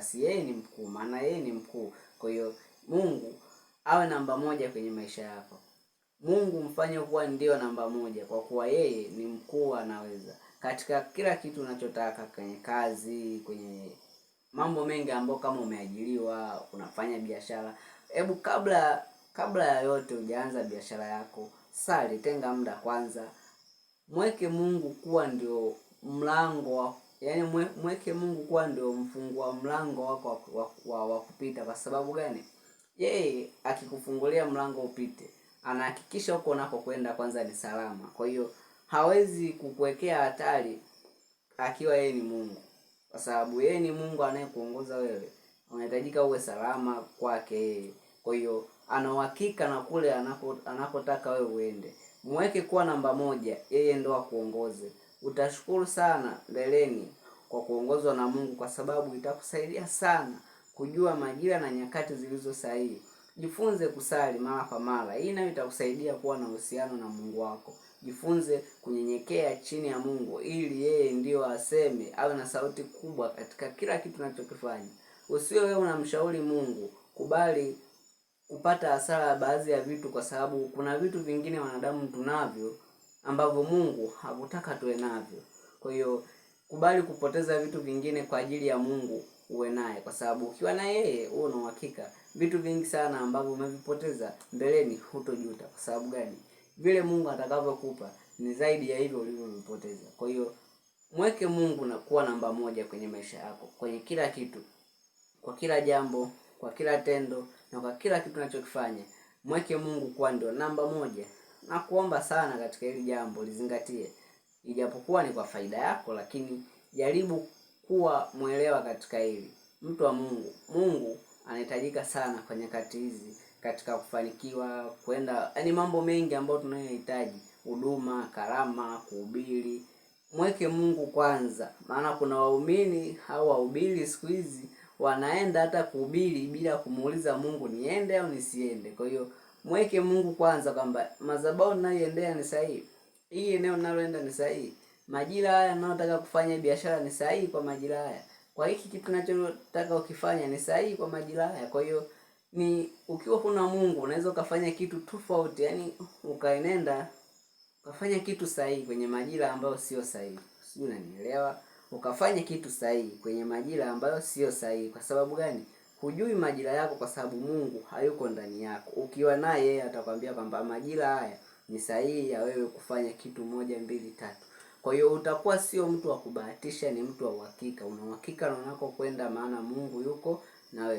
basi yeye ni mkuu, maana yeye ni mkuu. Kwa hiyo Mungu awe namba moja kwenye maisha yako. Mungu mfanye kuwa ndio namba moja, kwa kuwa yeye ni mkuu, anaweza katika kila kitu unachotaka, kwenye kazi, kwenye mambo mengi ambayo kama umeajiriwa, unafanya biashara. Hebu kabla kabla ya yote ujaanza biashara yako, sali, tenga muda kwanza, mweke Mungu kuwa ndio mlango wa yaani mwe, mweke Mungu kuwa ndio mfungua mlango wako wa kupita. Kwa sababu gani? Yeye akikufungulia mlango upite, anahakikisha huko kwenda kwanza ni salama. Kwa hiyo hawezi kukuwekea hatari akiwa yeye ni Mungu, kwa sababu yeye ni Mungu anayekuongoza wewe, unahitajika uwe salama kwake yeye. Kwa hiyo ana uhakika na kule anakotaka wewe uende. Mweke kuwa namba moja, yeye ndo akuongoze. Utashukuru sana mbeleni kwa kuongozwa na Mungu, kwa sababu itakusaidia sana kujua majira na nyakati zilizo sahihi. Jifunze kusali mara kwa mara, hii nayo itakusaidia kuwa na uhusiano na Mungu wako. Jifunze kunyenyekea chini ya Mungu ili yeye ndiyo aseme, awe na sauti kubwa katika kila kitu unachokifanya. Usiwe wewe unamshauri Mungu, kubali kupata hasara ya baadhi ya vitu, kwa sababu kuna vitu vingine wanadamu tunavyo ambavyo Mungu hakutaka tuwe navyo. Kwa hiyo kubali kupoteza vitu vingine kwa ajili ya Mungu uwe naye, kwa sababu ukiwa na yeye huo una uhakika vitu vingi sana ambavyo umevipoteza mbeleni hutojuta. Kwa sababu gani? Vile Mungu atakavyokupa ni zaidi ya hivyo ulivyovipoteza. Kwa hiyo mweke Mungu na kuwa namba moja kwenye maisha yako, kwenye kila kitu, kwa kila jambo, kwa kila tendo na kwa kila kitu unachokifanya, mweke Mungu kuwa ndio namba moja, na kuomba sana katika hili jambo lizingatie ijapokuwa ni kwa faida yako, lakini jaribu kuwa mwelewa katika hili. Mtu wa Mungu, Mungu anahitajika sana kwa nyakati hizi katika kufanikiwa kwenda, yaani mambo mengi ambayo tunayohitaji, huduma, karama, kuhubiri. Mweke Mungu kwanza, maana kuna waumini au wahubiri siku hizi wanaenda hata kuhubiri bila kumuuliza Mungu niende au nisiende. Kwa hiyo mweke Mungu kwanza, kwamba madhabahu ninayoendea ni sahihi hii eneo ninaloenda ni sahihi, majira haya ninayotaka kufanya biashara ni sahihi kwa majira haya, kwa hiki kitu ninachotaka ukifanya ni sahihi kwa majira haya. Kwa hiyo ni ukiwa kuna Mungu unaweza ukafanya kitu tofauti, yani ukaenenda ukafanya kitu sahihi kwenye majira ambayo sio sahihi, sijui unanielewa? Ukafanya kitu sahihi kwenye majira ambayo sio sahihi. Kwa sababu gani? Hujui majira yako, kwa sababu Mungu hayuko ndani yako. Ukiwa naye yeye atakwambia kwamba majira haya ni sahihi ya wewe kufanya kitu moja mbili tatu. Kwa hiyo utakuwa sio mtu wa kubahatisha, ni mtu wa uhakika. Una uhakika na kwenda maana Mungu yuko na wewe.